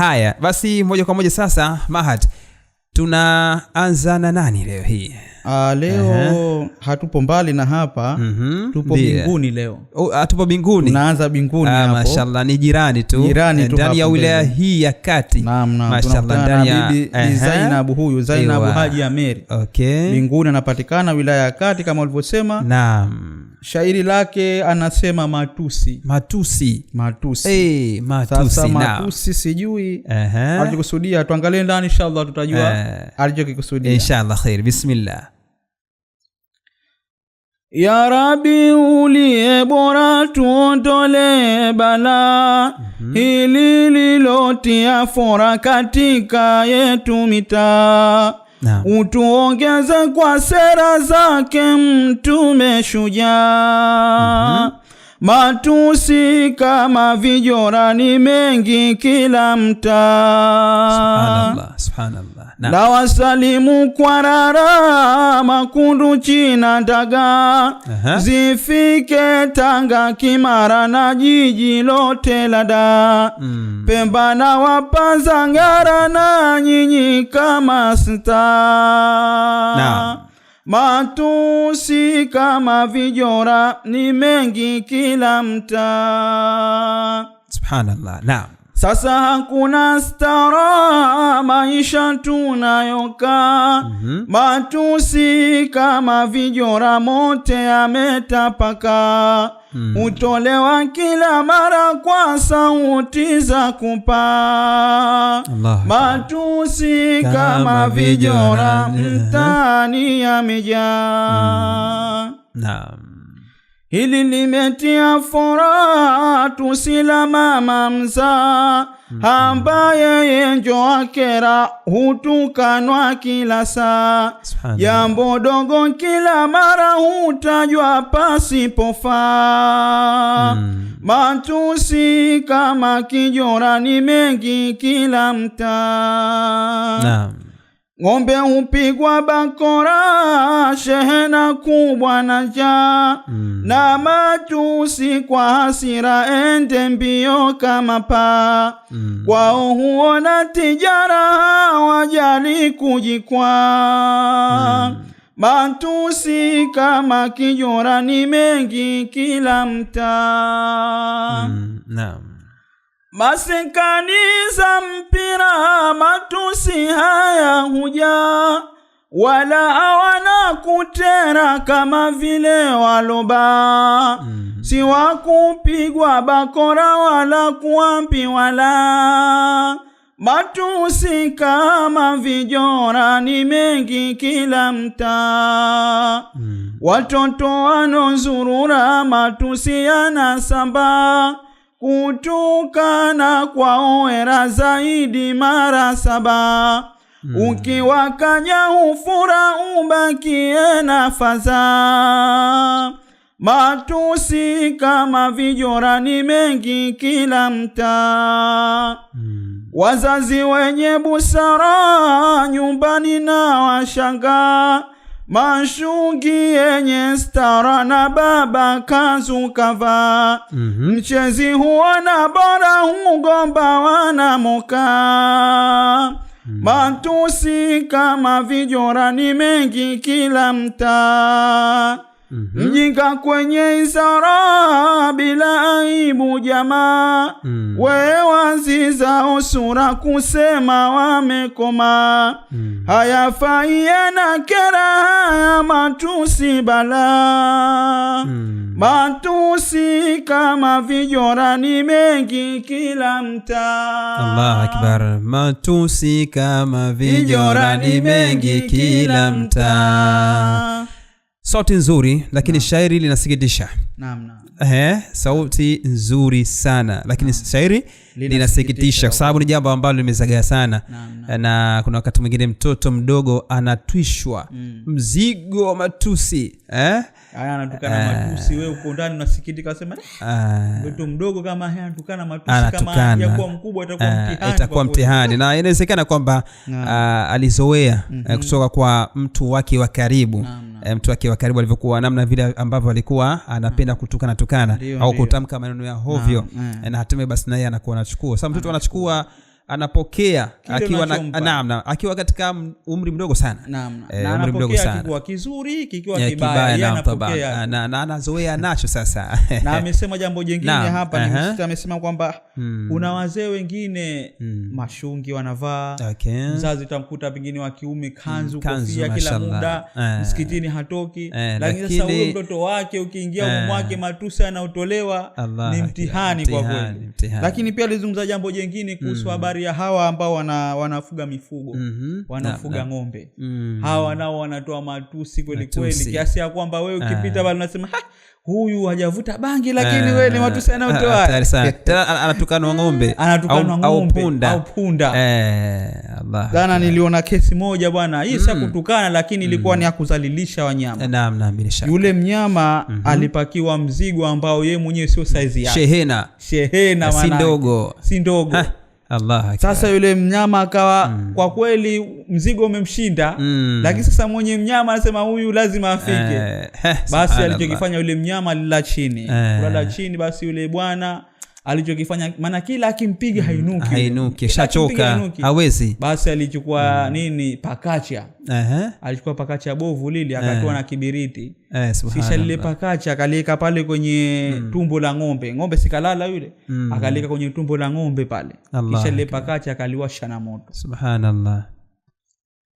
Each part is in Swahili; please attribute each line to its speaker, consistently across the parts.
Speaker 1: Haya basi, moja kwa moja sasa, Mahat, tunaanza na nani leo hii?
Speaker 2: Uh, leo uh-huh. Hatupo mbali na hapa mm-hmm. Tupo binguni leo. Uh, tupo tunaanza binguni ah, hapo.
Speaker 1: Mashallah, ni jirani tu
Speaker 2: jirani eh, tu ndani ya
Speaker 1: wilaya hii ya kati. Naam, naam, mashallah ndani ya
Speaker 2: bibi Zainabu, huyu Zainabu Haji Ameri.
Speaker 1: Okay,
Speaker 2: binguni anapatikana wilaya ya kati kama ulivyosema.
Speaker 1: Naam
Speaker 2: shairi lake anasema matusi
Speaker 1: matusi matusi hey, eh, matusi, matusi
Speaker 2: sijui uh-huh. alichokusudia tuangalie ndani inshallah tutajua uh-huh. alichokikusudia
Speaker 1: inshallah khair bismillah
Speaker 2: ya Rabi uliye bora tuondolee bala mm-hmm. hili lilotia fora katika yetu mitaa utuongeze kwa sera zake mtume shujaa mm -hmm. Matusi kama vijora ni mengi kila mtaa.
Speaker 1: Subhanallah, subhanallah na, na
Speaker 2: wasalimu kwa rara makundu china ndaga zifike Tanga Kimara na jiji lote la da mm. Pemba na Wapanza Ngara na nyinyi kama na. matusi kama vijora ni mengi kila mta.
Speaker 1: Subhanallah, naam.
Speaker 2: Sasa hakuna stara, maisha tunayokaa mm -hmm. Matusi kama vijora mote yametapaka mm -hmm. Utolewa kila mara kwa sauti za kupaa. Matusi kama, kama vijora mtaani yamejaa. Mhm. Naam. Hili limetia furaha tusila mama mza hamba ambaye yenjo akera hutukanwa kila saa, jambo dogo kila mara hutajwa pasipofaa mm matusi kama kijora ni mengi kila mtaa Ng'ombe hupigwa bakora, shehena kubwa na njaa mm. na matusi kwa hasira, ende mbio kama paa mm. kwao huona tijara, hawajali kujikwaa mm. matusi kama kijora ni mengi kila mtaa mm. naam masikani za mpira matusi haya huja, wala hawana kutera kama vile waloba mm Si wakupigwa bakora wala kuampi wala matusi kama vijora ni mengi kila mtaa. mm Watoto wanozurura matusi yanasambaa kutukana kwa oera zaidi mara saba mm. Ukiwakanya hufura ubakie na faza Matusi kama vijora ni mengi kila mtaa mm. Wazazi wenye busara nyumbani na washangaa mashungi yenye stara na baba kazukavaa, mm -hmm. Mchezi huona bora hugomba wanamukaa, mm -hmm. Matusi kama vijora ni mengi kila mtaa, mm -hmm. Mjinga kwenye isara bila kuharibu jamaa mm. wewazi zao sura kusema wamekoma mm. hayafaiye na kera haya matusi bala mm. matusi kama vijora ni mengi kila mta
Speaker 1: Allah akbar, matusi kama vijora ni mengi kila mta Sauti nzuri lakini shairi linasikitisha naam, naam. Eh, sauti nzuri sana lakini naam. shairi linasikitisha, kwa sababu ni jambo ambalo limezagaa sana na, na, na kuna wakati mwingine mtoto mdogo anatwishwa mm. mzigo wa matusi eh?
Speaker 2: Haya, anatukana matusi, wewe uko ndani unasikitika, unasema eh, ah. mtoto mdogo kama haya anatukana matusi, kama yakuwa mkubwa itakuwa ah, mtihani,
Speaker 1: itakuwa mtihani na inawezekana kwamba ah, alizoea mm -hmm. kutoka kwa mtu wake wa karibu na, na. Eh, mtu wake wa karibu alivyokuwa, namna vile ambavyo alikuwa anapenda kutukana tukana au kutamka maneno ya hovyo na, na hatimaye basi naye anakuwa anachukua sa mtoto anachukua anapokea akiwa, na, na, na, akiwa katika umri mdogo sana
Speaker 2: eh, na, e, umri mdogo sana kikiwa kizuri kikiwa kibaya kibaya
Speaker 1: na anazoea nacho sasa
Speaker 2: na amesema jambo jingine na, hapa uh -huh. amesema kwamba hmm. una wazee wengine hmm. mashungi wanavaa okay. mzazi utamkuta pengine wa kiume kanzu, hmm. kofia kila muda uh. msikitini hatoki uh, lakini sasa huyo mtoto wake ukiingia uh, mwake matusi anaotolewa ni mtihani kwa kweli, lakini pia alizungumza jambo jingine kuhusu hmm. habari ya hawa ambao wana, wanafuga mifugo mm-hmm. wanafuga na, ng'ombe mm-hmm. hawa nao wanatoa matusi kweli kweli kiasi ya kwamba wewe ukipita eh. pale unasema huyu hajavuta bangi lakini eh. wewe ni matusi anayotoa
Speaker 1: ah, ng'ombe anatukanwa ng'ombe au
Speaker 2: punda eh, niliona kesi moja bwana hii mm. si kutukana lakini ilikuwa mm. ni ni akuzalilisha wanyama
Speaker 1: naam naam bila shaka
Speaker 2: yule mnyama mm-hmm. alipakiwa mzigo ambao yeye mwenyewe sio saizi
Speaker 1: yake shehena
Speaker 2: shehena
Speaker 1: si ndogo si ndogo Allah
Speaker 2: sasa yule mnyama akawa mm. kwa kweli mzigo umemshinda mm. lakini sasa mwenye mnyama anasema huyu lazima afike eh, eh basi alichokifanya yule mnyama alila chini eh. kulala chini basi yule bwana alichokifanya maana kila akimpiga mm, hainuki
Speaker 1: hainuki shachoka hawezi
Speaker 2: basi alichukua mm. nini pakacha uh-huh. alichukua pakacha bovu lili eh. akatoa uh-huh. na kibiriti uh, kisha lile pakacha akalieka pale kwenye mm. tumbo la ng'ombe ng'ombe sikalala yule mm. akalieka kwenye tumbo la ng'ombe pale kisha lile pakacha akaliwasha na moto
Speaker 1: subhanallah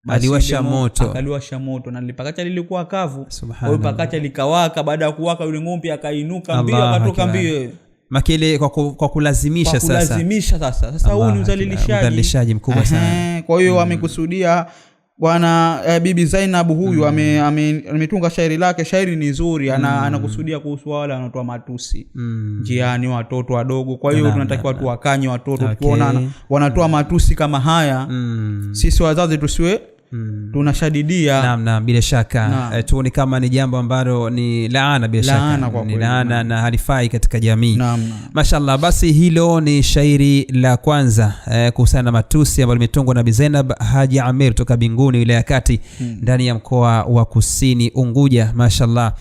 Speaker 1: aliwasha moto
Speaker 2: aliwasha moto na lipakacha lilikuwa kavu kwahiyo pakacha likawaka baada ya kuwaka yule ng'ombe akainuka mbio akatoka mbio
Speaker 1: makele kwa, ku, kwa kulazimisha, kwa
Speaker 2: kulazimisha sasa, sasa. sasa huu ni uzalilishaji
Speaker 1: mkubwa sana kwa hiyo mm. amekusudia bwana eh, bibi zainab huyu mm. ametunga ame, shairi lake shairi ni zuri ana, mm. anakusudia kuhusu wale wanaotoa matusi mm. njiani watoto wadogo kwa hiyo tunatakiwa tuwakanye watoto okay. tuona wanatoa matusi kama haya mm. sisi wazazi tusiwe Hmm. tunashadidia naam, naam, bila shaka na. E, eh, tuoni kama ni jambo ambalo ni laana bila shaka kwa ni laana na halifai katika jamii naam, mashallah basi hilo ni shairi la kwanza e, kuhusiana na matusi ambayo limetungwa na Bizenab Haji Amir toka Binguni wilaya ya Kati mm. ndani ya mkoa wa Kusini Unguja mashallah